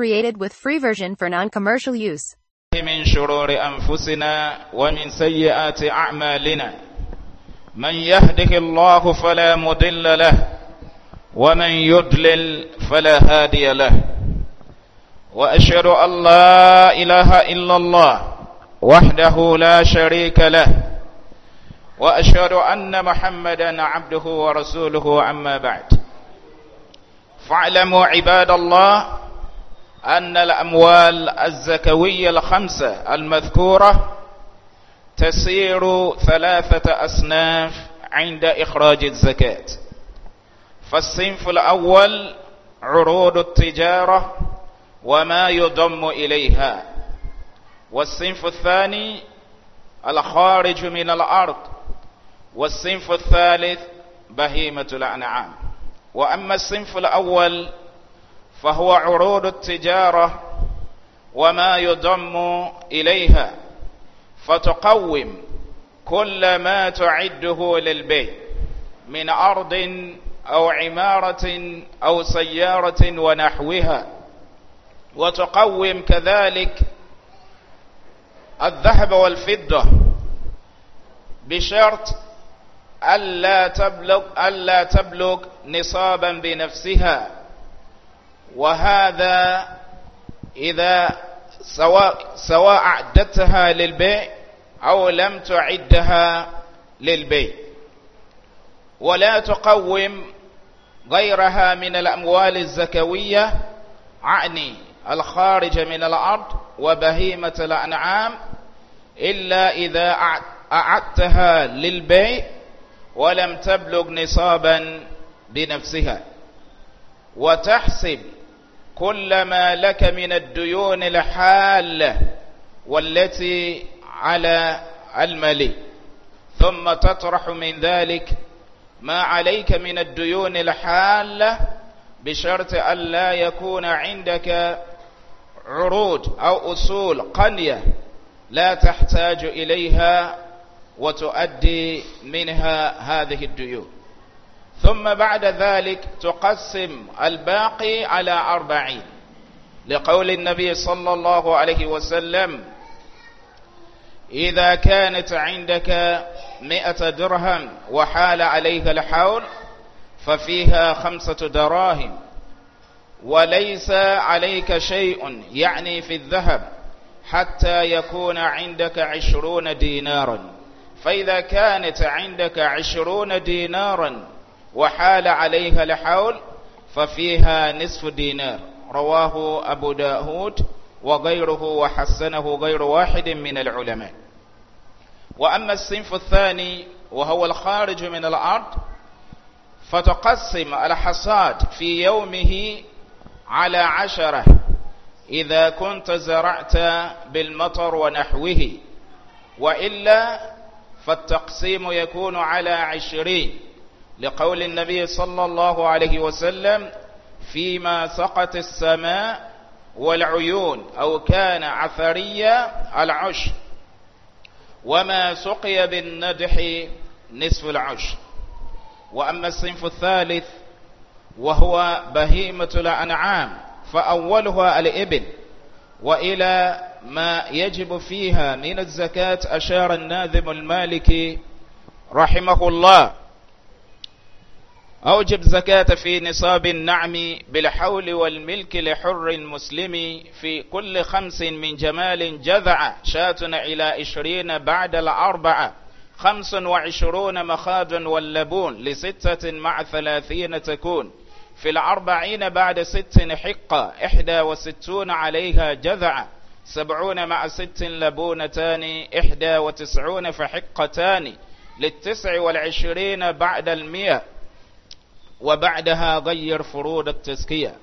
created with free version for non-commercial use. من شرور أنفسنا ومن سيئات أعمالنا من يهده الله فلا مضل له ومن يضلل فلا هادي له وأشهد أن لا إله إلا الله وحده لا شريك له وأشهد أن محمدا عبده ورسوله أما بعد فاعلموا عباد الله أن الأموال الزكوية الخمسة المذكورة تسير ثلاثة أصناف عند إخراج الزكاة فالصنف الأول عروض التجارة وما يضم إليها والصنف الثاني الخارج من الأرض والصنف الثالث بهيمة الأنعام وأما الصنف الأول فهو عروض التجارة وما يضم إليها فتقوم كل ما تعده للبيع من أرض أو عمارة أو سيارة ونحوها وتقوم كذلك الذهب والفضة بشرط ألا تبلغ ألا تبلغ نصابا بنفسها وهذا إذا سواء, سواء أعدتها للبيع أو لم تعدها للبيع ولا تقوم غيرها من الأموال الزكوية عني الخارج من الأرض وبهيمة الأنعام إلا إذا أعدتها للبيع ولم تبلغ نصابا بنفسها وتحسب كل ما لك من الديون الحالة والتي على الملي ثم تطرح من ذلك ما عليك من الديون الحالة بشرط أن لا يكون عندك عروض أو أصول قنية لا تحتاج إليها وتؤدي منها هذه الديون ثم بعد ذلك تقسم الباقي على أربعين لقول النبي صلى الله عليه وسلم إذا كانت عندك مئة درهم وحال عليها الحول ففيها خمسة دراهم وليس عليك شيء يعني في الذهب حتى يكون عندك عشرون دينارا فإذا كانت عندك عشرون دينارا وحال عليها الحول ففيها نصف دينار رواه أبو داود وغيره وحسنه غير واحد من العلماء وأما الصنف الثاني وهو الخارج من الأرض فتقسم الحصاد في يومه على عشرة إذا كنت زرعت بالمطر ونحوه وإلا فالتقسيم يكون على عشرين لقول النبي صلى الله عليه وسلم فيما سقط السماء والعيون أو كان عثريا العشر وما سقي بالندح نصف العشر وأما الصنف الثالث وهو بهيمة الأنعام فأولها الإبل وإلى ما يجب فيها من الزكاة أشار الناذم المالكي رحمه الله أوجب زكاة في نصاب النعم بالحول والملك لحر مسلم في كل خمس من جمال جذع شاتنا إلى عشرين بعد الأربعة خمس وعشرون مخاد واللبون لستة مع ثلاثين تكون في الأربعين بعد ست حقة إحدى وستون عليها جذع سبعون مع ست لبونتان إحدى وتسعون فحقتان للتسع والعشرين بعد المئة وبعدها غير فروض التزكية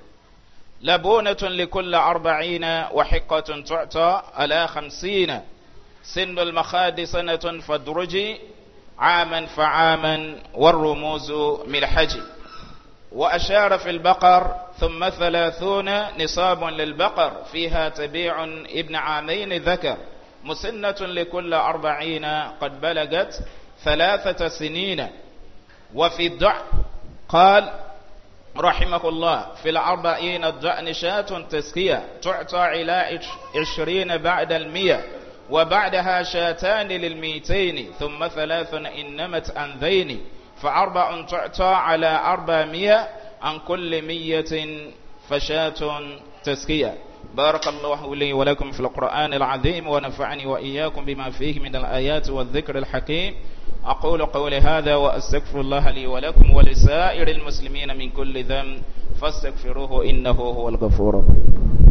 لبونة لكل أربعين وحقة تعطى على خمسين سن المخاد سنة فادرجي عاما فعاما والرموز ملحج وأشار في البقر ثم ثلاثون نصاب للبقر فيها تبيع ابن عامين ذكر مسنة لكل أربعين قد بلغت ثلاثة سنين وفي الضع قال رحمه الله في الأربعين الضأن شاة تعطى إلى عشرين بعد المئة وبعدها شاتان للميتين ثم ثلاث إنمت عن ذين فأربع تعطى على أربعمائة عن كل مية فشاة تسكية بارك الله لي ولكم في القرآن العظيم ونفعني وإياكم بما فيه من الآيات والذكر الحكيم أقول قولي هذا وأستغفر الله لي ولكم ولسائر المسلمين من كل ذنب فاستغفروه إنه هو الغفور الرحيم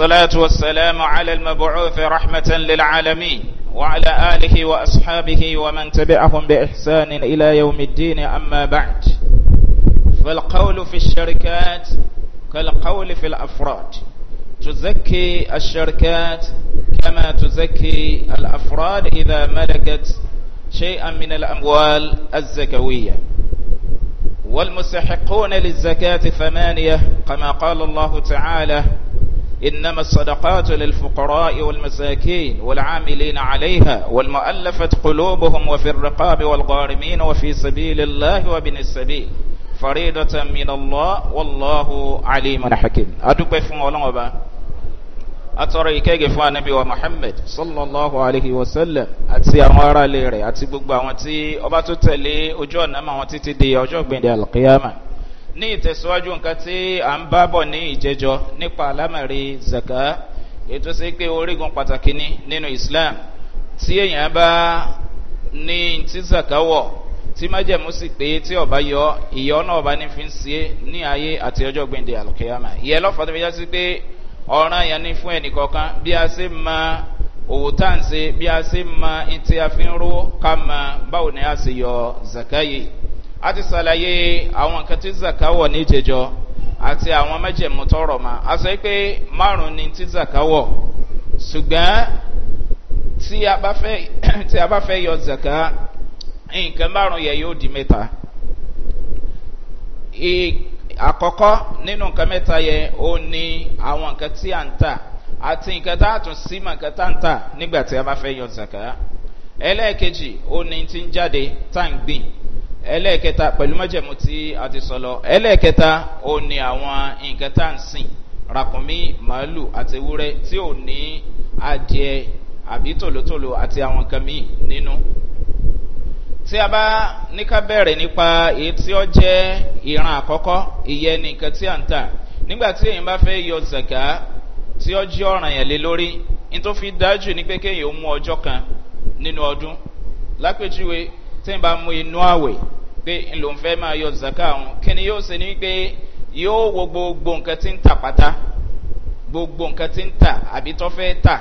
والصلاة والسلام على المبعوث رحمة للعالمين وعلى آله وأصحابه ومن تبعهم بإحسان إلى يوم الدين أما بعد فالقول في الشركات كالقول في الأفراد تزكي الشركات كما تزكي الأفراد إذا ملكت شيئا من الأموال الزكوية والمستحقون للزكاة ثمانية كما قال الله تعالى إنما الصدقات للفقراء والمساكين والعاملين عليها والمؤلفة قلوبهم وفي الرقاب والغارمين وفي سبيل الله وبن السبيل فريدة من الله والله عليم حكيم أدوك بفهم الله وبا أترى إكيغي فانبي ومحمد صلى الله عليه وسلم أتي أمارا ليري أتي بقبا وانتي أبا تتلي أجونا ما وانتي تدي أجوك بين القيامة ní ìtẹ̀síwájú nǹkan tí a ń bá bọ̀ ní ìjẹjọ nípa alámẹ̀rí zaka ètò sí pé orígun pàtàkì ní nínú islam tí èèyàn bá ní tí zaka wọ̀ tí májẹ̀mú sì pé tí ọba yọ ìyọ́ náà ọba ní fi ń ṣe ní ayé àti ọjọ́ gbèǹde àlùkìyàmà ìyẹn lọ́fọ̀ọ́ tó fi já sí pé ọ̀ràn yẹn ní fún ẹnìkọ̀ọ̀kan bí a ṣe máa òwò tá à ń se bí a ṣe ma ti a ká ma báwo ni a ṣe yọ zakaye ati salaye sàlàyé àwọn nǹkan tí zaka wọ̀ ní ati àti àwọn mẹ́jẹ̀mú tọrọ ma a sọ pé márùn ni tí zaka wọ̀ ṣùgbọ́n tí a bá fẹ́ tí a bá fẹ́ yọ zaka nǹkan márùn-ún yẹ di meta i nínú nǹkan mẹ́ta yẹ ó ní àwọn nǹkan tí à ń tà àti nǹkan tá a tún sí mọ̀ nǹkan tá ń tà nígbà tí a bá fẹ́ yọ zaka ẹlẹ́ẹ̀kejì ó ní ti ń jáde tá ń gbìn ẹlẹ́ẹ̀kẹta pẹ̀lú májẹ̀mú tí a ti sọ lọ ẹlẹ́ẹ̀kẹta ó ní àwọn nǹkan tá à ń sìn ràkùnmí màálù àti ewúrẹ́ tí ò ní adìẹ àbí tòlótòló àti àwọn nǹkan míì nínú tí a bá ní ká bẹ̀rẹ̀ nípa èyí tí ó jẹ́ ìran àkọ́kọ́ ìyẹn nìkan tí à ń tà nígbà tí èyí bá fẹ́ yọ zàká tí ó jẹ́ ọ̀ràn yẹn lé lórí nítorí fi dájú ní pé kéèyàn mú ọjọ́ kan nínú ọdún lápèjúwe tí n bá mú inú àwẹ̀ pé ló ń máa yọ zaka àwọn kí ni yóò ṣe ni pé yóò wo gbogbo nǹkan tí ń tà pátá gbogbo nǹkan tí ń tà àbí tó fẹ́ tà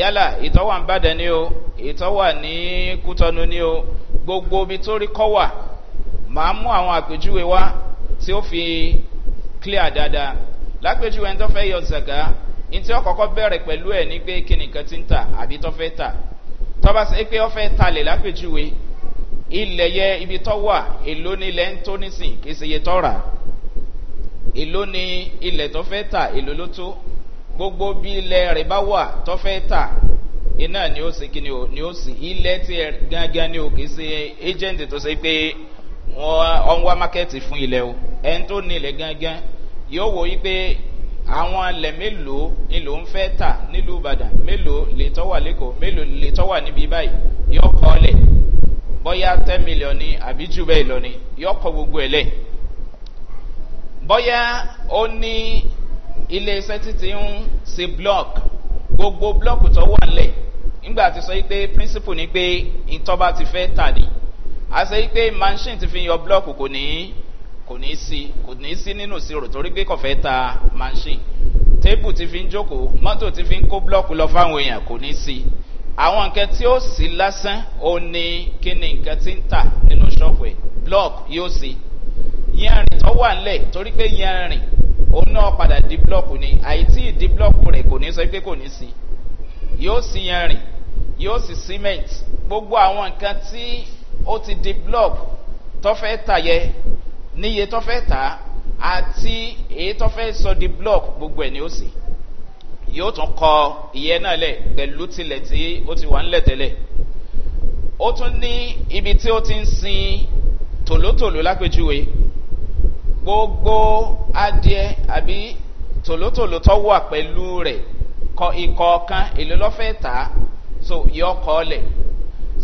yálà ìtọ́wà ń bàdàn ni o ìtọ́wà ní kútọ́nu ni o gbogbo ibi tó rí kọ́ wà màá mú àwọn àpèjúwe wá tí ó fi clear dáadáa lápèjúwe ẹni tó fẹ́ yọ zaka ní tí ó kọ́kọ́ bẹ̀rẹ̀ pẹ̀lú ẹ̀ ní pé kí nìkan ti ń tà àbí tó fẹ́ tà tọ́ba sẹ́ pé ó fẹ́ talẹ̀ lápèjúwe ilẹ̀ yẹ ibi tọ́ wà èló ni ilẹ̀ ń tó nísìn kì í ṣe iye tọ́ rà èló ni ilẹ̀ tó fẹ́ tà èló ló tó gbogbo bí ilẹ̀ rẹ̀ bá wà tó fẹ́ tà iná ni ó sì kí ni ó sì ilẹ̀ tí ẹ gángan ni ò kì í ṣe agent tó ṣe pé wọ́n wá mákẹ́tì fún ilẹ̀ o ẹni tó ní ilẹ̀ gángan yóò wò yí pé àwọn alẹ̀ mélòó ni ló ń fẹ́ tà nílùú ìbàdàn mélòó lè tọ́wà lẹ́kọ̀ọ́ mélòó lè tọ́wà níbi báyìí yóò kọ́ ọ lẹ̀ bọ́yá ten million ní àbí jù bẹ́ẹ̀ lọ ní yọkọ̀ gbogbo ẹ̀ lẹ̀ bọ́yá ó ní ilé títí ń ṣe block gbogbo block tó wà lẹ̀ nígbà tí sọ pé principle ni pé ìtọ́ba ti fẹ́ tà ní àṣẹ pé machine ti fi yọ block kò ní kò ní sí kò ní sí nínú ìṣirò torí pé kò fẹ́ ta machine tébù ti fi ń jókòó mọ́tò ti fi ń kó block lọ fáwọn èèyàn kò ní sí. Si àwọn nǹkan tí ó sì lásán ó ní kí ni nǹkan tí ń tà nínú ṣọ́ọ̀pù ẹ̀ block yóò sì yanrìn tó wà ńlẹ̀ torí pé yanrìn òun náà padà di block ni àìtí ìdí block rẹ̀ kò ní sọ pé kò ní sí yóò sì yanrìn yóò sì cement gbogbo àwọn nǹkan tí ó ti di block tó tà yẹ níye tó tà àti èyí tó sọ di block gbogbo ẹ̀ ni ó sì. Si yóò tún kọ ìyẹn náà lẹ̀ pẹ̀lú tilẹ̀ tí ó ti wà ńlẹ̀ tẹ́lẹ̀ ó tún ní ibi tí ó ti ń sin tòlótòló lápèjúwe gbogbo adìẹ àbí tòlótòló tó wà pẹ̀lú rẹ̀ kọ ikọ̀ kan èlò lọ́fẹ́ tà so yọ kọ́ ọ lẹ̀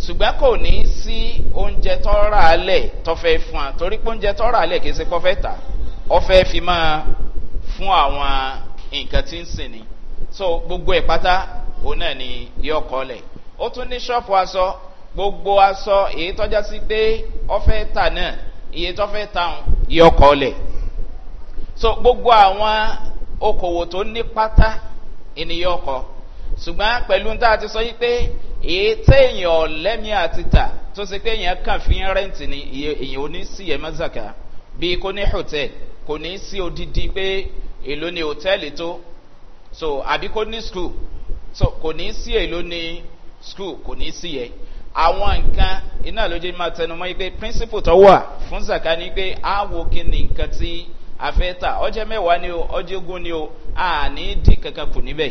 ṣùgbọ́n kò ní sí oúnjẹ tó rà á lẹ̀ tó fẹ́ fún wa torí pé oúnjẹ tó rà á lẹ̀ kì í ṣe pọ́ tà ọ fi máa fún àwọn nǹkan tí ń sìn ni so gbogbo ẹ̀ pátá òun náà ni yọ kọ́lẹ̀ ó tún ní ṣọ́ọ̀fù aṣọ gbogbo aṣọ èyí tọ́já sí pé ọfẹ́ tà náà iye tó fẹ́ yọ kọ́lẹ̀ so gbogbo àwọn okòwò tó ní pátá ènìyàn kọ ṣùgbọ́n pẹ̀lú tá a ti sọ yìí pé èyí téèyàn lẹ́mí àti tà tó ṣe pé èyàn kàn fi rẹ́ǹtì ni èyàn ò ní sí ẹ̀ mọ́sàkà bíi kò ní hòtẹ́ẹ̀lì kò ní sí odidi pé èlò ni hòtẹ́ẹ̀lì tó so àbí kò ní school so kò ní sí èyí ló ní school kò ní sí yẹ àwọn nǹkan iná ló jẹ́ máa tẹnu mọ́ pé principle tó wà fún zaka ni pé á wo kí ni nǹkan tí a fẹ́ tà ọjọ́ mẹ́wàá ni o ọjọ́ ogún ni o a ní dín kankan kù níbẹ̀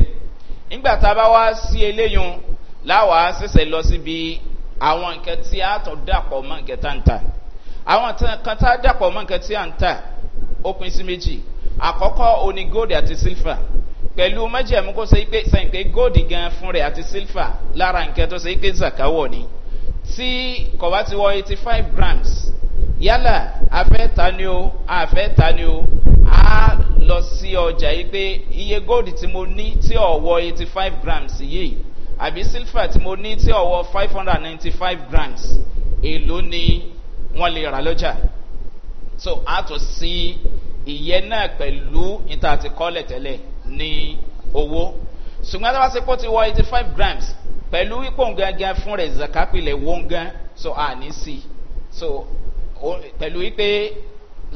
nígbà tá a bá wá sí eléyìí láwàá ṣẹ̀ṣẹ̀ lọ síbi àwọn nǹkan tí a tọ̀ dàpọ̀ mọ́ nǹkan tá ń tà àwọn kan tá a dàpọ̀ mọ́ nǹkan tí a ń tà ó pin sí méjì àkọ́kọ́ oní gold àti silver pẹ̀lú májèmú kó ṣe pé sẹ́yìn pé góòdì gan fún rẹ̀ àti sílfà lára nǹkan tó ṣe pé zakawọ̀ ni tí kọ̀wá ti wọ eighty five grams yálà afẹ́ta ni o afẹ́ta ni o a lọ sí ọjà yìí pé iye góòdì tí mo ní tí ọ̀wọ́ eighty five grams yìí àbí sílfà tí mo ní tí ọ̀wọ́ five hundred and ninety five grams èlò ni wọ́n lè rà lọ́jà so a tún sí ìyẹn náà pẹ̀lú ìta àti kọ́lẹ̀ tẹ́lẹ̀ ní owó ṣùgbọ́n tó bá ṣe pé ó ti wọ eighty five grams pẹ̀lú wípò gangan fún rẹ̀ zakapilẹ̀ wọ́n gan so àní sí so pẹ̀lú wípé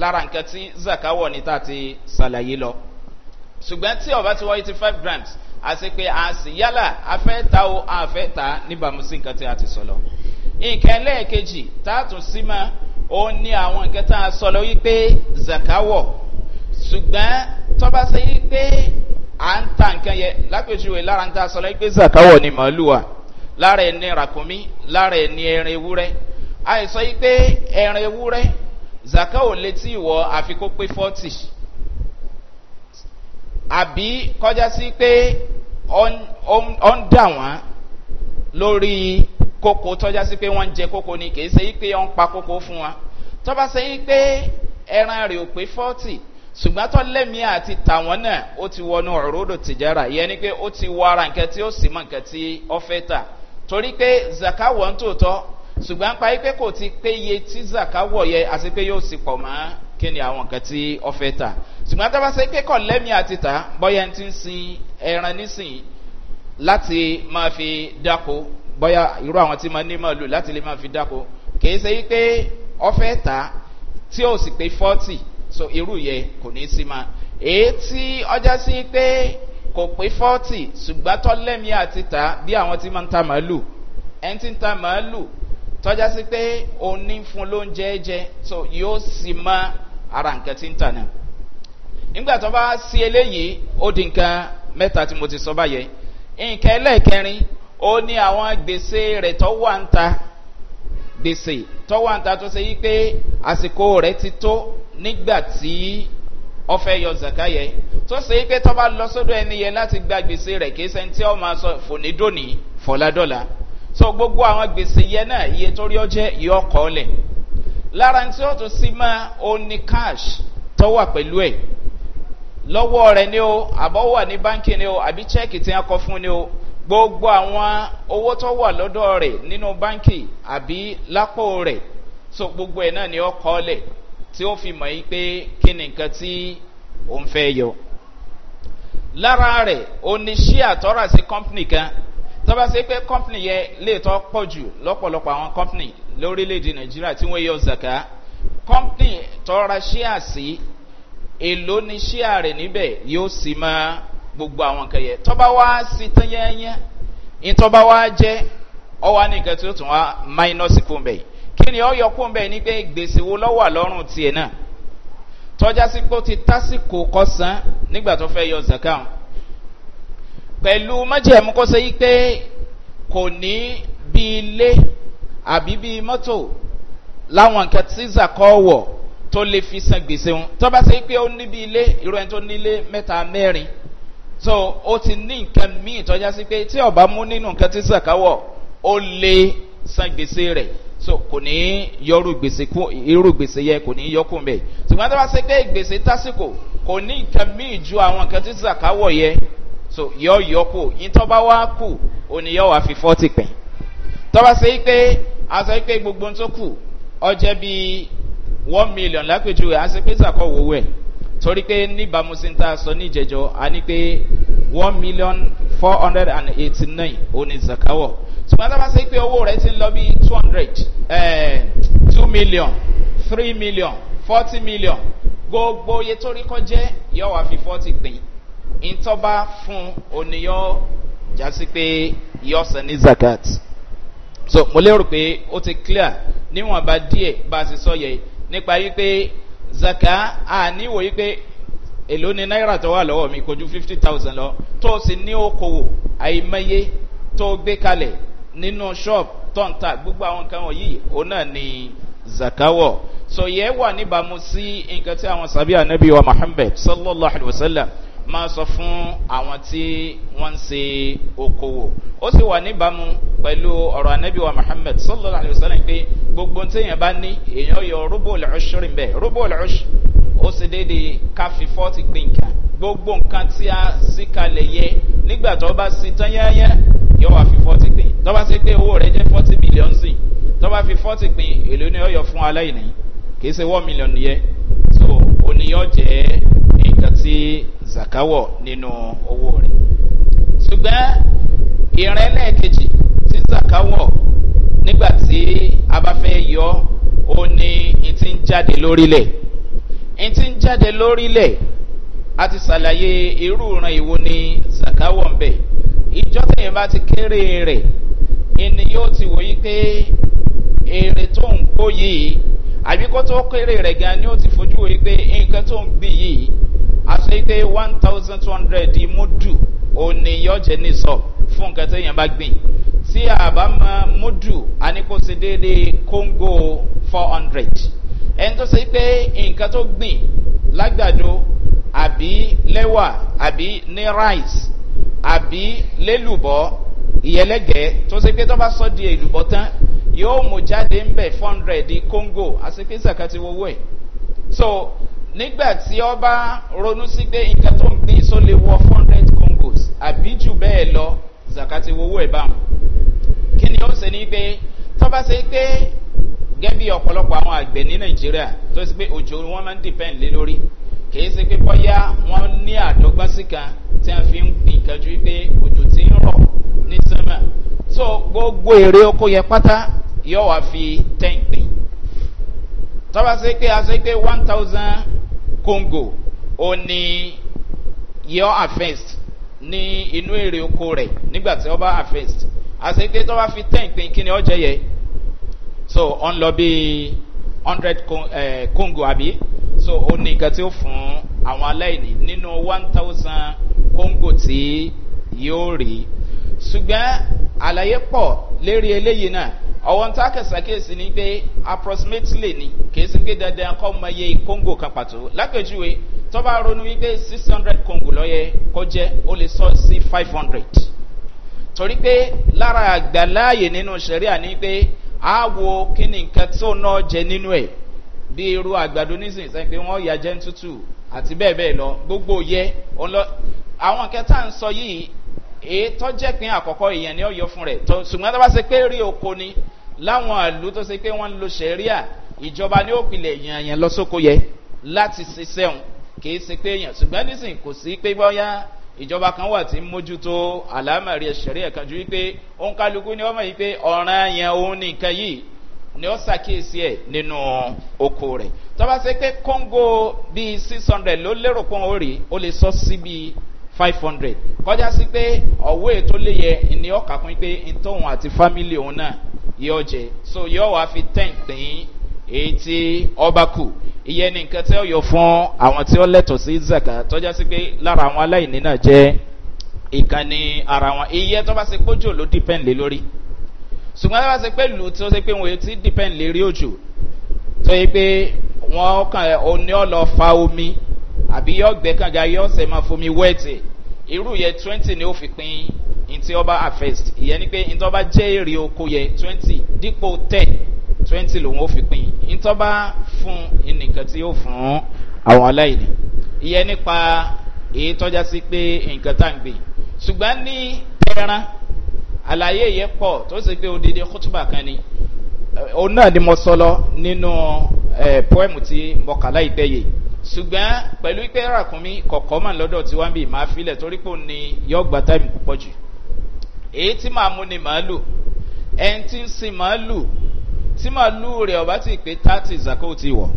lára nǹkan tí zaka wọ̀ ní ta ti ṣàlàyé lọ ṣùgbọ́n tí ọba ti wọ eighty five grams àti pé a sì yálà afẹ́ ta o àfẹ́ ta níbàámu sí nǹkan tí a ti sọ lọ. nǹkan ẹlẹ́ẹ̀kejì táàtún sí ma ó ní àwọn nǹkan tá a sọ lọ wípé zaka wọ̀ ṣùgbọ́n tọ́ba ṣe yí pé à ń ta nǹkan yẹ lápèjúwe lára ń ta sọlá pé zakawọ̀ ni màálù wa lára ẹ̀ ní ràkúnmí lára ẹ̀ ní ẹran ewúrẹ́ àìsọ yí pé ẹran ewúrẹ́ zakawọ̀ létí ìwọ àfikún pé fọ́tì àbí kọjá sí pé ọ ń dà wọ́n lórí kókó tọ́já sí pé wọ́n ń jẹ kókó ni kì í ṣe yí pé ọ ń pa kókó fún wa tọ́ba ṣe yí pé ẹran rè ò pé fọ́tì ṣùgbọ́n tó lẹ́mìí àti tàwọn náà ó ti wọnú òróòdò tìjára yẹn ni pé ó ti wọ ara nǹkan tí ó sì mọ nǹkan tí ó fẹ́ tà torí pé zaka wọ̀ ń tòótọ́ ṣùgbọ́n pa pé kò ti péye tí zaka wọ̀ yẹ àti pé yóò sì pọ̀ mọ́ kí ni àwọn nǹkan tí ó fẹ́ tà ṣùgbọ́n tó bá ṣe pé kọ̀ lẹ́mìí àti tà bọ́yá ti ń sin ẹran nísìnyí láti máa fi dáko bọ́yá irú àwọn tí máa ní màálù láti lè máa fi dáko kì í ṣe pé ọ fẹ́ tà tí ó sì pé fọ́tì so irú yẹ kò ní sí ma èyí tí ọjà sí pé kò pé fọ́ọ̀tì ṣùgbọ́n tọ́lẹ́mí àti ta bí àwọn tí máa ń ta màálù ẹni tí ń ta màálù tọ́já sí pé òní fún lóúnjẹ jẹ so yóò sì mọ ara nǹkan tí ń tà náà nígbà tó bá sí eléyìí ó di nǹkan mẹ́ta tí mo ti sọ báyẹn nǹkan ẹlẹ́ẹ̀kẹrin ó ní àwọn gbèsè rẹ̀ tó wà ń ta gbèsè tọ́wọ́ àǹtà tó ṣe yí pé àsìkò rẹ̀ ti tó nígbà tí ọfẹ yọ zaka yẹ tó ṣe pé tọ́ba lọ sódò ẹni yẹ láti gba gbèsè rẹ̀ kí sẹ́ni tí ó máa sọ fònídòní fọ̀ládọ́là so gbogbo àwọn gbèsè yẹn náà iye tó rí ọ jẹ́ yọ kọ́ lẹ̀ lára tí ó tún sí máa ó ní cash tó wà pẹ̀lú ẹ̀ lọ́wọ́ rẹ̀ ni o àbọ̀ wà ní báńkì ni o àbí chẹ́ẹ̀kì tí wọ́n kọ́ fún ni o gbogbo àwọn owó tó wà lọ́dọ̀ rẹ̀ nínú báńkì àbí lápò rẹ̀ so gbogbo ẹ̀ náà ni ó kọ́ lẹ̀ tí ó fi mọ̀ yí pé kí ni nǹkan tí òun fẹ́ yọ. lára rẹ̀ o ní ṣíà tọ́ra sí kọ́mpìnì kan tọ́ba ṣe pé kọ́mpìnì yẹn lè tọ́ pọ̀ jù lọ́pọ̀lọpọ̀ àwọn kọ́mpìnì lórílẹ̀‐èdè nàìjíríà tí wọ́n yọ zaka kọ́mpìnì tọ́ra ṣíà sí èlò ní ṣíà rẹ̀ níbẹ̀ yóò sì máa gbogbo àwọn nǹkan yẹ tọ́ba wá sí tán yẹ́nyẹ́ ìtọ́ba wá jẹ́ ọ wá ní nǹkan tí ó tún wá máínọ́ọ̀sì kún bẹ́ẹ̀ kí ni ọ yọ kún bẹ́ẹ̀ ní pé gbèsè wo lọ́wọ́ àlọ́rùn tiẹ̀ náà tọ́já sí pé ó ti tásìkò kọsàn nígbà tó fẹ́ yọ zakat pẹ̀lú májèmú kó ṣe pé kò ní bí ilé àbí bí mọ́tò láwọn nǹkan tí zakọ́ wọ̀ tó lè fi san gbèsè wọn tọ́ba ṣe pé ó ní bí ilé irú ẹni tó ní ilé mẹ́ta mẹ́rin so ó ti ní nǹkan míì tọ́já sí pé tí ọba mú nínú nǹkan tí sàkáwọ̀ ó lé san gbèsè rẹ̀ so kò ní yọrù gbèsè kú irú gbèsè yẹ kò ní yọkùn bẹ́ẹ̀ ṣùgbọ́n tó bá ṣe pé gbèsè tásìkò kò ní nǹkan míì ju àwọn nǹkan tí sàkáwọ̀ yẹ so yọ yọkù yín tó bá wá kù òní yọ wá fi fọ́tì pẹ̀ tó bá ṣe pé a sọ pé gbogbo tó kù ọjẹ́ bíi one million lápèjúwe a ṣe pé sàkọ̀ wò wẹ̀ torí pé níbàámu sí ta sọ ní ìjẹjọ a ní pé one million four hundred and eighty nine òní zakawọ ṣùgbọ́n tábà sí pé owó rẹ̀ ti ń lọ bí two hundred eh, two million three million forty million gbogbo iye tó rí kọ́ jẹ́ yọ wá fi forty pin ìtọ́ba fún oníyọ́ jásí pé yọ sàn ní zakat so mo lérò pé ó ti clear níwọ̀nba díẹ̀ bá a ti sọ yẹ nípa yí pé zaka a níwò yí pé èlò ni náírà tó wà lọ́wọ́ mi kojú fifty thousand lọ tó o sì ní okòwò àìmọye tó o gbé kalẹ̀ nínú ṣọ́ọ̀bù tọ́ǹtà gbogbo àwọn nǹkan wọ̀nyí òun náà ni zakawọ̀ so yẹ wà níbàámu sí nǹkan tí àwọn sàbí ànábì wa muhammed sallallahu alayhi wa sallam máa sọ fún àwọn tí wọ́n ń se okòwò ó sì wà níbàámu pẹ̀lú ọ̀rọ̀ anabi muhammed sallallahu alayhi wa sallam pé gbogbo téèyàn bá ní èèyàn yọ rúbò lẹ́ọ̀ṣọ́rì mbẹ́ rúbò lẹ́ọ̀ṣ ó sì déédéé ká fi fọ́ọ̀tì gbé nǹkan gbogbo nǹkan tí a sì kalẹ̀ yẹ nígbà tó bá sí tán yẹ́yẹ́ yóò wá fi fọ́ọ̀tì gbé tó bá sí pé owó rẹ̀ jẹ́ fọ́ọ̀tì mílíọ̀nù sí tó bá fi fọ́ọ̀tì gbé èlò ni ó yọ fún aláìní kì í ṣe wọ́ọ̀ mílíọ̀nù yẹ so òníyàn jẹ́ sí zakawọ̀ nínú owó rẹ̀ ṣùgbọ́n ìrìn lẹ́ẹ̀kejì tí zakawọ̀ nígbà tí a bá fẹ́ yọ ó ní n ti ń jáde lórílẹ̀ n ti ń jáde lórílẹ̀ a ti ṣàlàyé irú ìran ìwo ni zakawọ̀ ń bẹ̀ ìjọ tẹ̀yìn bá ti kéré rẹ̀ ìní yóò ti wòye pé èrè tó ń kó yìí àbí kó tó kéré rẹ̀ gan ni ó ti fojú wo pé nǹkan tó ń gbìn yìí aṣọ yìí pé one thousand two hundred múdù òní yọ̀jẹ̀ ní sọ fún nǹkan tó yẹn bá gbìn tí àbá mọ múdù àníkóso déédéé kóńgò four hundred ẹni tó ṣe pé nǹkan tó gbìn lágbàdo àbí lẹ́wà àbí ní rice àbí lélùbọ́ ìyẹlẹ́gẹ̀ẹ́ tó ṣe pé tó bá sọ di èlùbọ́ tán yóò mú jáde ń bẹ̀ four hundred congo àsìkísà kan ti wọ́wọ́ ẹ̀ so nígbà tí ọba ronú sí pé nǹkan tó ń gbìn só lè wọ four hundred congos àbí jù bẹ́ẹ̀ lọ zakati wọ́wọ́ ẹ̀ báwọn kí ni ó ṣe ni pé tọ́ba ṣe pé gẹ́gẹ́ bí ọ̀pọ̀lọpọ̀ àwọn àgbẹ̀ ní nàìjíríà tó ṣe pé òjò wọn máa ń depend lé lórí kìí ṣe pé bọ́yá wọ́n ní àdọ́gbọ́n kan tí wọ́n fi ń pin ìkànjú pé òjò ti ń rọ̀ ní sẹ́mà so gbogbo èrè oko yẹ pátá yóò wá fi ten pè tọ́ba ṣe pé a ṣe pé one thousand congo ó ní yọ harvest ní inú èrè oko rẹ̀ nígbà tí ọba harvest a ṣe pé tọ́ba fi ten pin kí ni ọ jẹ yẹ so ọ ń lọ bí hundred eh, congo àbí so ó ní nǹkan tí ó fún àwọn aláìní nínú one thousand congo tí yóò rí ṣùgbọ́n àlàyé pọ̀ lérí eléyìí náà ọwọ́n tá a kẹ̀ ni pé approximately ni kìí sí pé dandan kọ́ mọ iye kóńgò kan pàtó lápèjúwe tó bá ronú wípé six hundred kóńgò lọ́yẹ kó jẹ́ ó lè sọ sí five hundred torí pé lára àgbàláàyè nínú sẹ̀ríà ni pé a wo kí ni nǹkan tó náà jẹ nínú ẹ̀ bí irú àgbàdo nísìnyí sẹ́yìn pé wọ́n yà jẹ́ ń tútù àti bẹ́ẹ̀ bẹ́ẹ̀ lọ gbogbo yẹ àwọn kẹta ń sọ yìí ètò jẹ́pin àkọ́kọ́ ìyẹn ni ó yọ fún rẹ̀ ṣùgbọ́n tó bá ṣe pé rí oko ni láwọn ìlú tó ṣe pé wọ́n ń lo sẹ̀ríà ìjọba ni ó pilẹ̀ yàn yẹn lọ sóko yẹ láti ṣiṣẹ́ òun kì í ṣe pé yàn ṣùgbọ́n nísìnyí kò sí pé bọ́yá ìjọba kan wà tí ń mójútó àlámàrí ẹ̀ṣẹ̀rí ẹ̀kan ju wípé òun kálukú ni ọmọ yìí pé ọ̀ràn yẹn òun nìkan yìí ni ó ṣàkíyèsí ẹ̀ nínú oko rẹ̀ tọ́ba ṣe pé kóńgò bíi six hundred ló lérò pé òun ó lè sọ sí five hundred kọjá sí pé ọ̀wé tó léyẹ ni ọkà fún pé ntòun àti fámìlì òun náà yóò jẹ so yóò wá fi ten dín èyí tí ọba kù ìyẹn ní nǹkan tí ó yọ fún àwọn tí ó lẹ́tọ̀ọ́ sí zaka tọ́já sí pé lára àwọn aláìní náà jẹ́ ìkànnì ara wọn iye tó bá ṣe pójò ló depend lé lórí ṣùgbọ́n tó bá ṣe pé lù tí ó ṣe pé wọ́n ti depend lé rí òjò tó yẹ pé wọ́n kàn ó ní ọ lọ fa omi àbí yọ gbẹ́kànga yọ ọ̀sẹ̀ máa fomi wẹ́ẹ̀tì irú yẹ twenty ni ó fi pín ntí ọba harvest ìyẹn ni pé ntí ọba jẹ́ èrè oko yẹ twenty dípò ten twenty lòun ó fi pín ntí ọba fún nìkan tí ó fún àwọn aláìní ìyẹn nípa èyí tọ́já sí pé nǹkan tá à ń gbè ṣùgbọ́n ní ẹran àlàyé yẹn pọ̀ tó sì pé odidi kútùbà kan ni òun náà ni mo sọ lọ nínú eh, pọ́ẹ̀mù tí mo kà láìpẹ́ yìí ṣùgbọ́n pẹ̀lú pé ràkúnmí kọ̀kọ́ mà lọ́dọ̀ tí wọ́n bí máa filẹ̀ torí pò ní yọ gba táìmù púpọ̀ jù èyí tí màá mú ni màá lù ẹni tí ń sin màá lù tí màá lù rẹ̀ ọba ti pé táàtì ìzàkó ti wọ̀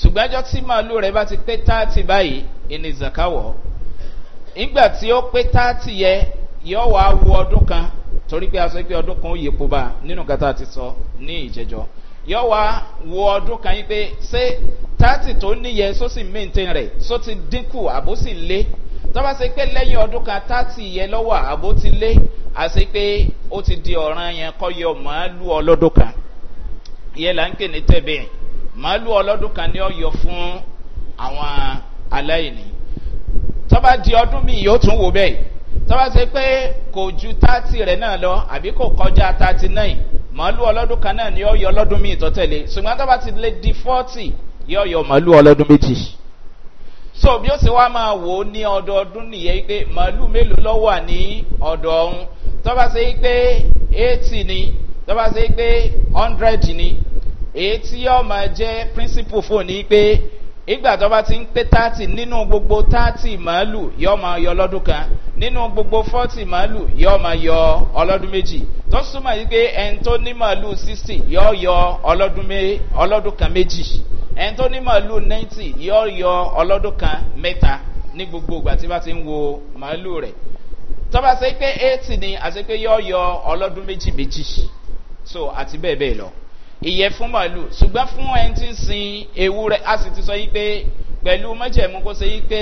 ṣùgbọ́n ẹjọ́ tí màá lù rẹ̀ bá ti pé táàtì báyìí ìní ìzàká wọ̀ nígbà tí ó pé táàtì yẹ yọ wàá wo ọdún kan torí pé a sọ pé ọdún kan ó yípo bá nínú kátà ti sọ ní ìjẹjọ́ yọ wá wo ọdún kan yìí pé ṣé tààtì tó níyẹn só sì maintain rẹ̀ só ti dínkù àbó sì lé tọ́ba ṣe pé lẹ́yìn ọdún kan tààtì yẹn lọ́wọ́ àbó ti lé àṣẹ pé ó ti di ọ̀ràn yẹn kọ́ yọ màálù ọlọ́dún kan yẹn là ń pè ní tẹ̀bẹ̀ màálù ọlọ́dún kan ni ó yọ fún àwọn aláìní tọ́ba di ọdún mi yóò tún wò bẹ́ẹ̀ tọ́wọ́ ṣe pé kò ju thirty rẹ̀ náà lọ àbí kò kọjá thirty nine màálù ọlọ́dún kan náà ni ó yọ ọlọ́dún míì tọ́tẹ̀lé ṣùgbọ́n tọ́wọ́ ti lé di forty yọ yọ màálù ọlọ́dún méjì. so bí ó ṣe wá máa wò ó ní ọdọọdún nìyẹn pé màálù mélòó lọ wà ní ọ̀dọ̀ ọ̀hún tọ́wọ́ ṣe pé eighty ni tọ́wọ́ ṣe pé hundred ni èyí tí yọ máa jẹ́ principle fún ni pé ìgbà tọ́wọ́ ti ń pé thirty nínú gbogbo thirty màálù yọ máa yọ ọlọ́dún kan nínú gbogbo fọ́tì màálù yọ máa yọ ọlọ́dún méjì tó súnmọ́ yìí pé ẹni tó ní màálù sixty yọ yọ ọlọ́dún kan méjì ẹni tó ní màálù ninety yọ yọ ọlọ́dún kan mẹ́ta ní gbogbo ìgbà tí bá ti ń wo màálù rẹ̀ tọ́ba ṣe pé eighty ni àti pé yọ yọ ọlọ́dún méjì méjì so àti bẹ́ẹ̀ bẹ́ẹ̀ lọ ìyẹn fún màálù ṣùgbọ́n fún ẹni tí ń sin ewúrẹ́ a sì ti sọ yìí pé pẹ̀lú mọ́jẹ̀mú kó ṣe yìí pé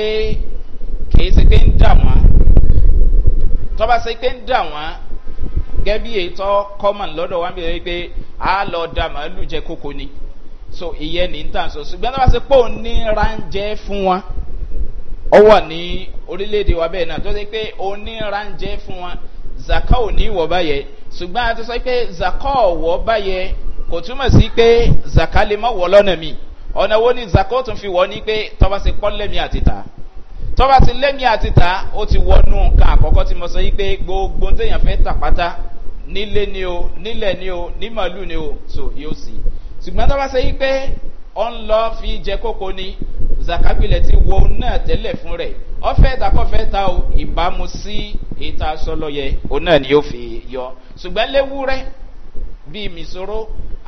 kì í ṣe pé ń dà wọ́n tọ́ba ṣe pé ń dà wọ́n gẹ́bí ètò common lọ́dọ̀ wọn bẹ̀rẹ̀ pé a lọ da màálù jẹ kókó ni so ìyẹn ní ń tàn so ṣùgbọ́n tọ́ba ṣe pé òun ní ránjẹ́ fún wọn ọ wà ní orílẹ̀-èdè wa bẹ́ẹ̀ náà tó ṣe pé òun ní ránjẹ́ fún wọn zaka ò ní ìwọ̀ báyẹn ṣùgbọ́n a ti sọ pé zaka ọ̀wọ́ báyẹn kò túmọ̀ sí pé zaka lè má lọ́nà mi ọ̀nà wo ni zaka tún fi wọ̀ ni pé tọ́ba ṣe pọ́nlẹ́mí àti ta tọ́ba ti lẹ́mí àti ta ó ti wọnú nǹkan àkọ́kọ́ tí mo sọ yí pé gbogbo téèyàn fẹ́ tà pátá nílé ni o nílẹ̀ ni o ní màálù ni o so yóò sì ṣùgbọ́n tọ́ba sọ yí pé ọ ń lọ fi jẹ kókó ni zakabilẹ̀ ti wo náà tẹ́lẹ̀ fún rẹ̀ ọ̀fẹ́ takọ́fẹ́ ta o ìbámu sí ìta sọlọ́yẹ o náà ni yóò fi yọ ṣùgbọ́n léwúrẹ́ bíi mìsòro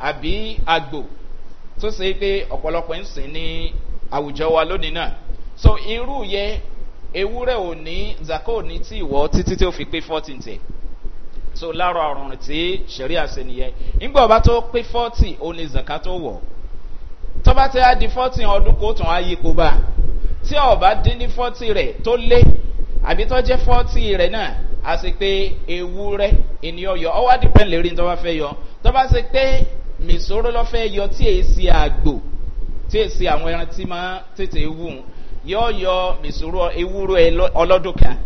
àbí àgbò tó ṣe pé ọ̀pọ̀lọpọ̀ ń sìn ní àwùjọ wa lónìí náà so irú yẹn ewúrẹ́ ò ní zaka ò ní tí ìwọ títí tí ó fi pé forty tẹ̀ so lára ọ̀rùn tí sẹ̀rí àṣẹ nìyẹn nígbà ọba tó pé forty ó ní zaka tó wọ̀ tọ́ba tí a di forty ọdún kó tún á yí kó bá tí ọba dín ní forty rẹ̀ tó lé àbí tó jẹ́ forty rẹ̀ náà a sì pé ewúrẹ́ ènìyàn yọ ọwọ́ àdìpẹ́ lérí tọ́ba fẹ́ yọ tọ́ba sì pé mìsòrò lọ́fẹ́ yọ tí èsì àgbò tí èsì àwọn ẹran tí máa tètè wù ú yóò yọ misoro, ewúro ọlọ́dún kan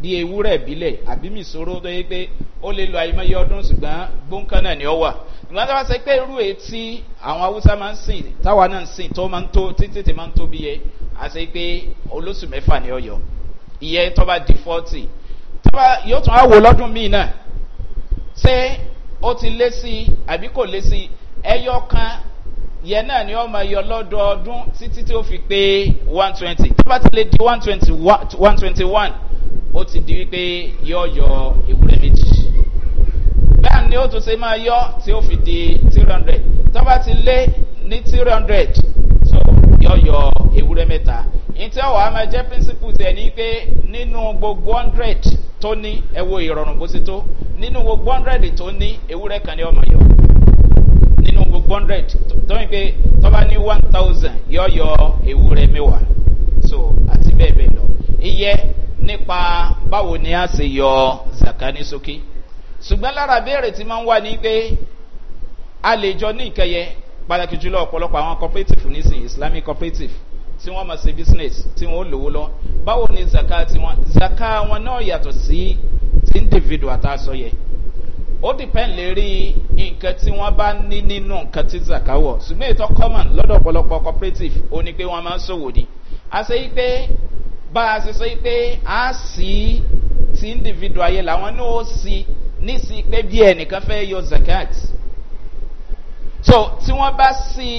bí ewúrẹ́ ìbílẹ̀ àbí mìsòrò tó yẹ pé ó lè lo àyèmọ́yé ọdún ṣùgbọ́n gbóǹkan náà ni ó wà ìgbà tó bá sọ pé irú etí àwọn haúsá máa ń sìn táwa náà ń sìn tó máa ń tó títí tí máa ń tó yẹ àti pé olóṣù mẹ́fà ni ó yọ ìyẹn tó bá di fọ́tì tó bá yóò tún á wò lọ́dún míì náà ṣé ó ti lé sí àbí kò lé sí ẹyọ kan yẹn náà ni ọmọ ẹyọ lọ́dọọdún títí tí ó fi pé one twenty tó bá ti lè di one twenty one twenty one ó ti di wípé yọ yọ ìwúrẹ́ méjì bẹ́ẹ̀ ni ó tún ṣe máa yọ tí ó fi di three hundred tó bá ti lé ní three hundred so yọ yọ ìwúrẹ́ mẹ́ta ìtí ọ̀wọ́ a jẹ́ píncípù tẹ̀ ní pé nínú gbogbo hundred tó ní ẹ̀wọ̀ ìrọ̀rùn bó ti tó nínú gbogbo hundred tó ní ewúrẹ́ kan ní ọmọ yọ hundred tọ́wọ́n pé tọ́ba ní one thousand yọ̀ọ̀yọ̀ ewúrẹ́ mẹ́wàá so àti bẹ́ẹ̀ bẹ́ẹ̀ lọ iyẹ nípa báwo ni a ṣe yọ zaka ní sókè ṣùgbọ́n lára béèrè tí máa ń wà ní pé a lè jọ ní ìkẹyẹ pàtàkì jùlọ ọ̀pọ̀lọpọ̀ àwọn cooperative nísìnyí islamic cooperative tí wọ́n máa ṣe business tí wọ́n lówó lọ báwo ni zaka tiwọn zaka wọn náà yàtọ̀ sí ti individual tá a sọ yẹn ó dìpẹ́ǹ lérí nǹkan tí wọ́n bá ní nínú nǹkan tí zakawọ̀ ṣùgbọ́n ètò common lọ́dọ̀ ọ̀pọ̀lọpọ̀ cooperative ó ní pé wọ́n máa ń ṣòwò ni a ṣe pé bá a ṣe ṣe pé a sì ti individual ayé làwọn ní ó sì ní sí pé bí ẹnìkan fẹ́ yọ zakat so tí wọ́n bá sí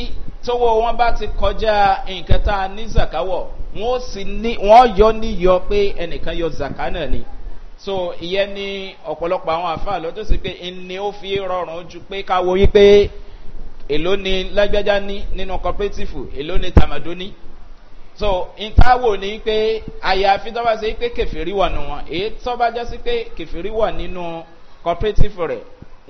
tówó wọn bá ti kọjá nǹkan tá a ní zakawọ̀ wọ́n sì ní wọ́n yọ níyọ pé ẹnìkan yọ zakat náà ni. Yo, so ìyẹn ní ọ̀pọ̀lọpọ̀ àwọn àfáà lọ́tọ́ sí pé ìní ó fi rọrùn ju pé káwo yí pé èló ni lágbájá ní nínú cooperative èló ni tàmàdó ní so ìtawò ní pé àyàfi tọ́ba sí pé kẹfìrí wà nù wọn èyí tọ́ba já sí pé kẹfìrí wà nínú cooperative rẹ̀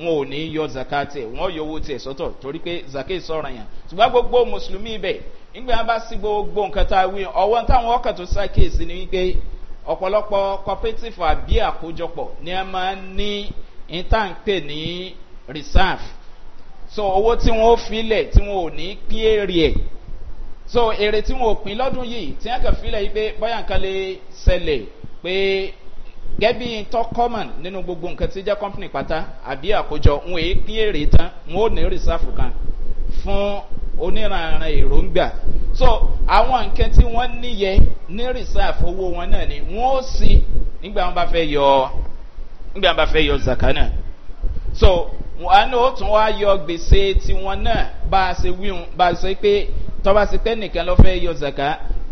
wọn ò ní yọ zakate wọn yọ owó tiẹ̀ sọ́tọ̀ torí pé zake sọ̀rọ̀ yẹn ṣùgbọ́n gbogbo mùsùlùmí ibẹ̀ nígbà bá sí gbogbo nǹkan tá a wí ọwọ́ táwọn ọkàn tó sá kéèsì ni wípé ọ̀pọ̀lọpọ̀ cooperative àbí àkójọpọ̀ ni a máa ń ní intanpe ní reserve so owó tí wọ́n filẹ̀ tí wọ́n ò ní pín èrè ẹ̀ so èrè tí wọ́n ò pín lọ́dún yìí tí wọ́n kàn filẹ̀ yìí pé bóyá nǹkan lè ṣẹlẹ̀ pé gẹ́bí tó common nínú gbogbo nǹkan tí jẹ́ company pátá àbí àkójọ wọn èé pín èrè tán wọn ò ní reserve kan fún oníranran èròǹgbà so àwọn nǹkan tí wọ́n níyẹ ní reserve owó wọn náà ni wọ́n ó sí nígbà wọn bá fẹ́ yọ nígbà wọn bá fẹ́ yọ zaka so àánú ó tún wá yọ gbèsè tiwọn náà bá a ṣe wíhun bá a ṣe pé tọ́ba sí pé nìkan ló fẹ́ yọ zaka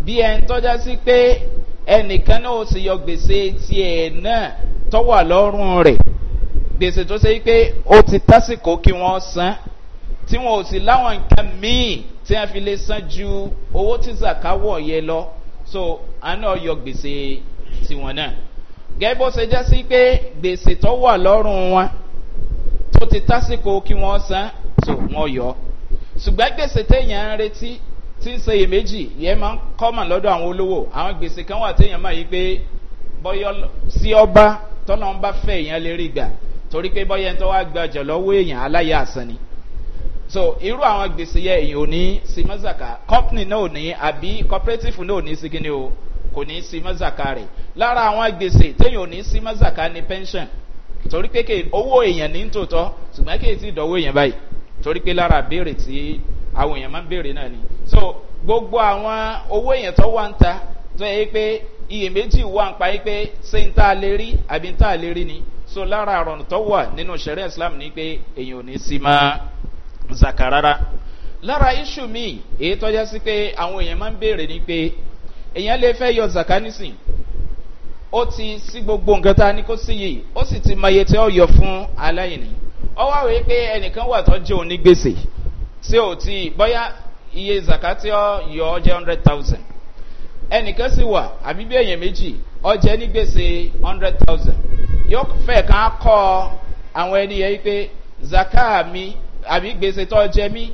bí ẹni tọ́já sí pé ẹnìkan náà ó sì yọ gbèsè tiẹ̀ náà tọ́wà lọ́rùn rẹ̀ gbèsè tó ṣe pé ó ti tásìkò kí wọ́n san tí wọn ò sì láwọn nǹkan míì tí wọn fi lè san ju owó tí zakawọ̀ yẹ lọ so àná yọ gbèsè tiwọn náà gẹ́gẹ́ bó ṣe jẹ́ sí pé gbèsè tó wà lọ́rùn wọn tó ti tásìkò kí wọ́n san so wọ́n yọ ṣùgbọ́n gbèsè téèyàn ń retí tí ń ṣeyè méjì yẹn máa ń kọ́mọ̀ lọ́dọ̀ àwọn olówó àwọn gbèsè kan wà téèyàn máa yí pé bọ́yọ́ sí ọba tọ́lọ́ fẹ́ èèyàn lè rí gbà torí pé bọ́yẹ́ ń tọ́ wá lọ́wọ́ èèyàn aláya àsán so irú àwọn gbèsè yẹ èyàn ò ní sí mọ́sàkà company náà ò ní àbí cooperative náà ò ní sí kíni o kò ní sí mọ́sàkà rẹ̀ lára àwọn gbèsè téèyàn ò ní sí mọ́sàkà ni pension torí pé owó èèyàn ní tòótọ́ ṣùgbọ́n kí èyí ti dọ̀wọ́ èèyàn báyìí torí pé lára béèrè tí àwọn èèyàn máa ń béèrè náà ni so gbogbo àwọn owó èèyàn tó wà ń ta tó yẹ pé iyèméjì wà ń pa yí pé ṣé ń tá a rí àbí ń tá a rí ni so lára àrùn tó wà nínú sẹ̀rẹ̀ islam ni pé èèyàn ò ní sí máa. Zakarara. rárá lára iṣu míì èyí tọ́já sí pé àwọn èèyàn máa ń béèrè ni pé èèyàn lè fẹ́ yọ zaka nísìn ó ti sí gbogbo nǹkan tá a ní kó sí yìí ó sì ti mọ iye tí ó yọ fún aláìní ọ wá wèé pé ẹnìkan wà tó jẹ́ òní gbèsè tí ò tí bọ́yá iye zaka tí ó yọ ọ jẹ́ hundred thousand ẹnìkan sì wà àbí bí èèyàn méjì ọjẹ́ ní gbèsè hundred thousand yóò fẹ́ ká kọ́ àwọn ẹni yẹn pé zaka mi àbí gbèsè tó jẹ mí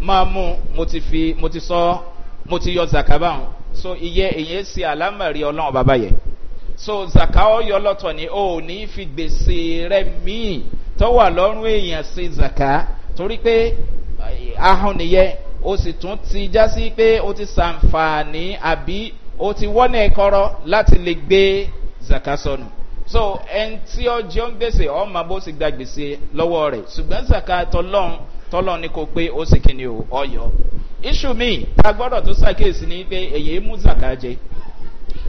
máa mú mo ti fi mo ti sọ mo ti yọ zaka báwọn so iye èyí si àlámàrí ọlọ́run bàbá yẹ so zaka ọyọ lọ́tọ̀ ni o ò ní fi gbèsè rẹ míì tó wà lọ́rùn èèyàn ṣe zaka torí pé ahọ́n nìyẹn o sì tún ti já sí pé o ti ṣàǹfààní àbí o ti wọ́nà ẹ̀kọ́rọ́ láti lè gbé zaka sọnù. So, so ẹni tí ọ jẹ́ ń gbèsè ọmọ bó sì gba gbèsè lọ́wọ́ rẹ̀ ṣùgbọ́n zaka tọlọ́n tọlọ́n ni kò pé ó sì kíni o ọyọ. iṣu mi ta gbọ́dọ̀ tó ṣàkíyèsí ni pé èyí mú zaka jẹ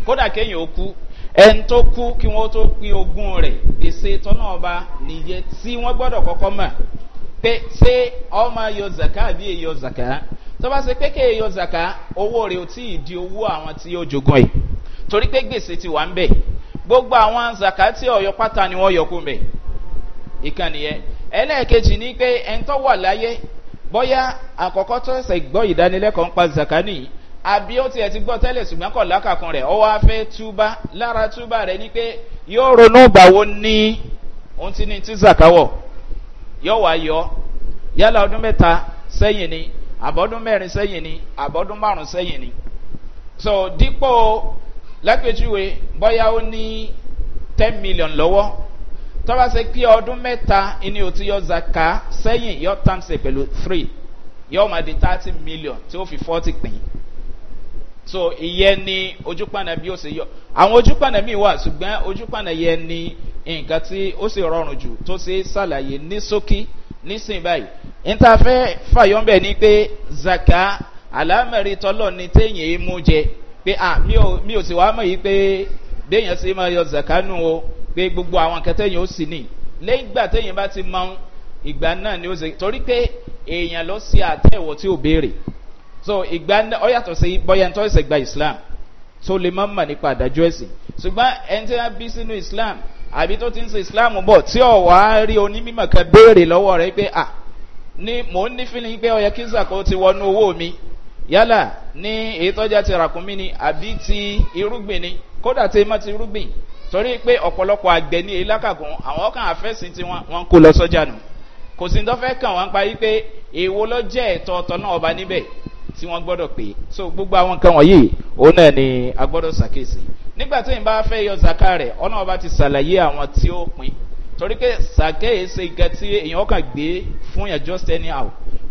kódà kéèyàn ó kú ẹni tó kú kí wọ́n tó pin ogún rẹ̀ gbèsè tọ́nà ọba nìyẹn tí wọ́n gbọ́dọ̀ kọ́kọ́ mọ̀ pé ṣé ọmọ yọ zaka àbí èyọ zaka tó ṣe pé kéèyọ zaka owó rẹ̀ ò tí ì di owó àwọn tí yóò jogún ẹ̀ torí pé gbèsè ti wà ń bẹ̀ gbogbo àwọn zakati ọ̀yọ́ pátá ni wọ́n yọkú mbẹ̀ ìkan nìyẹn ẹlẹ́ẹ̀kejì ni pé ẹ̀ńtọ́ wà láyé bóyá àkọ́kọ́ tó ṣẹ̀ gbọ́ ìdánilẹ́kọ̀ọ́ ń pa zakani àbí ó tiẹ̀ ti gbọ́ tẹ́lẹ̀ ṣùgbọ́n kọ̀ lákàkún rẹ̀ ó wá fẹ́ túbá lára túbá rẹ̀ ni pé yóò ronú ìgbàwo ní ohun tí ní ti zakawọ̀ yóò wá yọ yálà ọdún mẹ́ta sẹ́yìn ni àbọ̀dún mẹ́rin sẹ́yìn ni àbọ̀dún márùn-ún sẹ́yìn ni so dípò lápèjúwe bọ́yá ó ní ten million lọ́wọ́ tọ́ba ṣe pé ọdún mẹ́ta ni o ti yọ zaka sẹ́yìn yọ tamsẹ̀ pẹ̀lú three yọ máa di thirty million tí ó fi forty pín so ìyẹn ni ojúpànà bí ó ṣe yọ àwọn ojúpànà míì wà ṣùgbọ́n ojúpànà yẹn ni nǹkan tí ó sì rọrùn jù tó ṣe ṣàlàyé ní sókí nísìnyí báyìí níta fẹ́ ni pé zaka àlámẹ̀rí tọ́lọ̀ ni téèyàn mú jẹ pé à mi ò mi ò sì wá mọ̀ yìí pé béèyàn sì máa yọ zakanu o pé gbogbo àwọn kẹtẹ́yìn ó sì ní lẹ́yìn ìgbà téèyàn bá ti mọ ìgbà náà ni ó ṣe torí pé èèyàn lọ sí àtẹ̀wọ̀ tí ò béèrè so ìgbà náà ọ yàtọ̀ sí bọ́yá tó ṣe gba islam tó lè má mà nípa àdájọ́ ẹ̀sìn ṣùgbọ́n ẹni tí wọ́n bí sínú islam àbí tó ti ń ṣe islam bọ̀ tí ọ̀ wá rí onímọ̀ kan béèrè lọ́wọ́ rẹ pé à ní mò ń nífìlì pé ọ̀yẹ́ kí sàkó ti wọnú owó mi yálà ní èyí ti ràkúnmí ni àbí ti irúgbìn ni kódà tí má ti irúgbìn torí pé ọ̀pọ̀lọpọ̀ àgbẹ̀ ní èyí lákàkún àwọn kan àfẹ́sìn tí wọ́n kó lọ sọ́jà nù kò sí ní tó fẹ́ kàn wọ́n pa yí pé èwo ló jẹ́ ẹ̀tọ́ ọ̀tọ̀ náà ọba níbẹ̀ tí wọ́n gbọ́dọ̀ pé so gbogbo àwọn nǹkan wọ̀nyí òun náà ni a gbọ́dọ̀ ṣàkíyèsí nígbà tí ìbá fẹ́ yọ zaka rẹ̀ ọ̀nà ọba ti ṣàlàyé àwọn tí ó pin torí pé ṣàkíyèsí gẹ́tí èèyàn kàn gbé fún yẹn just anyhow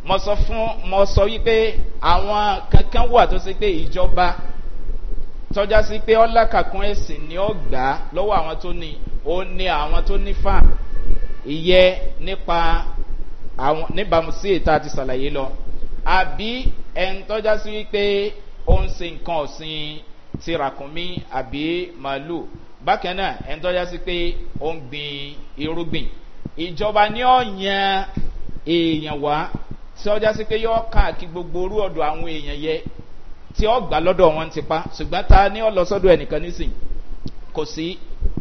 mo sọ fún mo sọ wípé àwọn kankan wà tó ṣe pé ìjọba tọ́já sí pé ọlákàkún ẹ̀sìn ni ó gbà á lọ́wọ́ àwọn tó ní ó ní àwọn tó ní fà ìyẹ nípa àwọn níbàámu sí ètò àti sàlàyé lọ àbí ẹni tọ́já sí wípé ó ń se nǹkan ọ̀sìn tìràkùnmí àbí màálù bákan náà ẹni tọ́já sí pé ó ń gbin irúgbìn ìjọba ni ó yan èèyàn wá tí ọjà sí pé yọ káàkiri gbogbo orú ọ̀dọ̀ àwọn èèyàn yẹ tí ọ gbà lọ́dọ̀ wọn ti pa ṣùgbọ́n ta ni ọ lọ sọ́dọ̀ ẹnìkan nísìn kò sí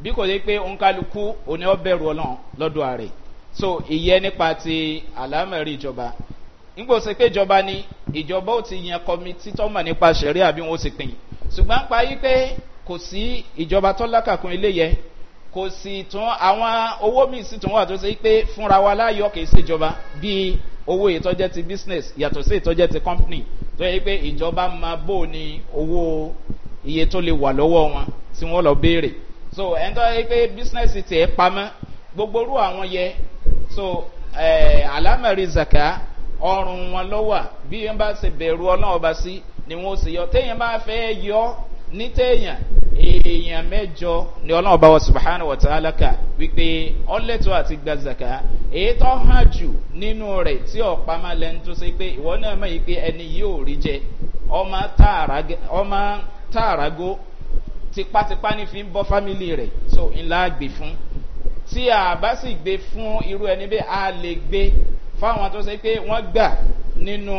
bí kò sí pé òǹkálukú òní ọ bẹ̀rù ọlọ́run lọ́dọ̀ ààrẹ so ìyẹn nípa ti àlámẹ̀rí ìjọba nígbò sí pé ìjọba ni ìjọba ò ti yan kọmitì tọ́mọ̀ nípa ṣẹ̀rí àbí wọn ò sì pin ṣùgbọ́n pa yí pé kò sí ìjọba tó lákàkún ilé yẹ kò sì tún àwọn owó míì sì tún wà tó ṣe pé fúnra wa láyọ̀ kì í ṣèjọba bíi owó ìtọ́jẹ́ ti business yàtọ̀ sí ìtọ́jẹ́ ti company tó yẹ pé ìjọba máa bò ní owó iye tó lè wà lọ́wọ́ wọn tí wọ́n lọ béèrè so ẹni tó yẹ pé business ti ẹ̀ pamọ́ gbogbo orú àwọn yẹ so alámẹ̀rí zaka ọrùn wọn lọ́wọ́ bí wọ́n bá ṣe bẹ̀rù ọlọ́wọ́ bá sí ni wọ́n sì yọ téèyàn bá fẹ́ yọ ní téèyàn èèyàn mẹ́jọ ni ọlọ́run bá wọ subahana wa ta'ala ka, wípé ọlẹ́tọ̀ àti gbazaka èyí tó hàn jù nínú rẹ̀ tí ọ̀pá máa lẹ́nu tó ṣe pé ìwọ náà mọ̀ yìí pé ẹni yóò rí jẹ ọmọ tààràgó tipátipá ní fi ń bọ́ fámìlì rẹ̀ so ńlá gbé fún tí a bá sì gbé fún irú ẹni bẹ́ẹ̀ a lè gbé fáwọn tó ṣe pé wọ́n gbà nínú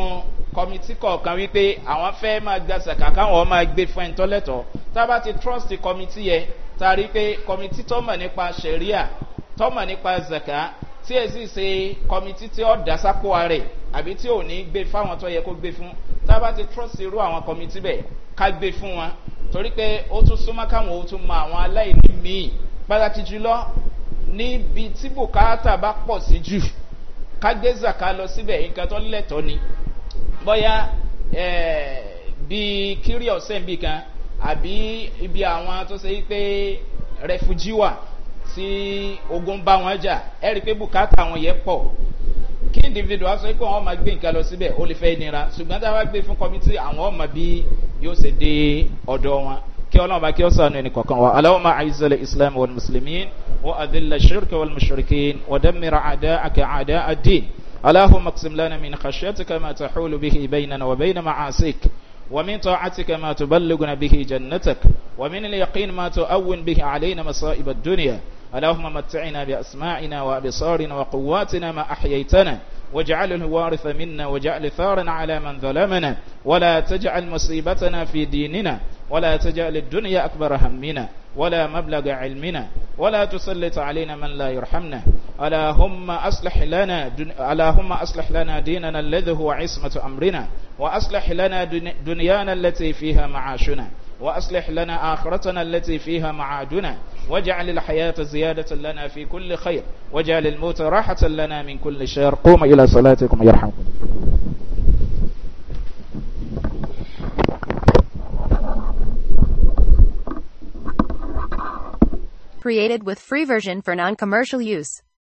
kọmitì kọ̀ọ̀kan wípé àwọn fẹ́ máa gba sàkà káwọn máa gbé fún ẹni tọ́lẹ̀tọ̀ tá a bá ti trust kọmitì yẹ tá rí i pé kọmitì tọ́mọ̀ nípa sẹ̀ríà tọ́mọ̀ nípa zaka tí èsì ṣe kọmitì tí ó dá sápò rẹ̀ àbí tí ò ní gbé fáwọn tó yẹ kó gbé fún tá a bá ti trust irú àwọn kọmitì bẹ̀ ká gbé fún wọn torí pé ó tún súnmọ́ káwọn ó tún mọ àwọn aláìní míì pàtàkì jùlọ níbi tí bùkátà bá pọ̀ sí jù ká gbé zaka lọ síbẹ̀ nǹkan tó lẹ̀tọ́ ni bọ́yá bíi kírí ọ̀sẹ̀ nbí kan àbí ibi àwọn tó ṣe pé rẹfújì wà tí ogun bá wọn jà ẹ rí i pé bùkátà wọn yẹn pọ̀ kí individual sọ pé àwọn máa gbé nǹkan lọ síbẹ̀ ó lè fẹ́ nira ṣùgbọ́n tá a bá gbé fún kọ́mítì àwọn ọmọ bí yóò ṣe dé ọ̀dọ̀ wọn kí ọlọ́run bá kí ó sànù ẹnì kọ̀ọ̀kan wa aláwọ̀mọ̀ àìsílẹ̀ islam wọn mùsùlùmí wọn àdìlẹ̀ ṣírkì wọn mùsùlùmí wọn dẹ́mìíràn àdá àkà àdá àdín. اللهم اقسم لنا من خشيتك ما تحول به بيننا وبين معاصيك ومن طاعتك ما تبلغنا به جنتك ومن اليقين ما تؤون به علينا مصائب الدنيا اللهم متعنا بأسماعنا وأبصارنا وقواتنا ما أحييتنا واجعل الوارث منا واجعل ثارا على من ظلمنا ولا تجعل مصيبتنا في ديننا ولا تجعل الدنيا أكبر همنا ولا مبلغ علمنا ولا تسلط علينا من لا يرحمنا اللهم أصلح لنا اللهم أصلح لنا ديننا الذي هو عصمة أمرنا وأصلح لنا دنيانا التي فيها معاشنا وأصلح لنا آخرتنا التي فيها معادنا واجعل الحياة زيادة لنا في كل خير واجعل الموت راحة لنا من كل شر قوم إلى صلاتكم يرحمكم created with free version for non-commercial use.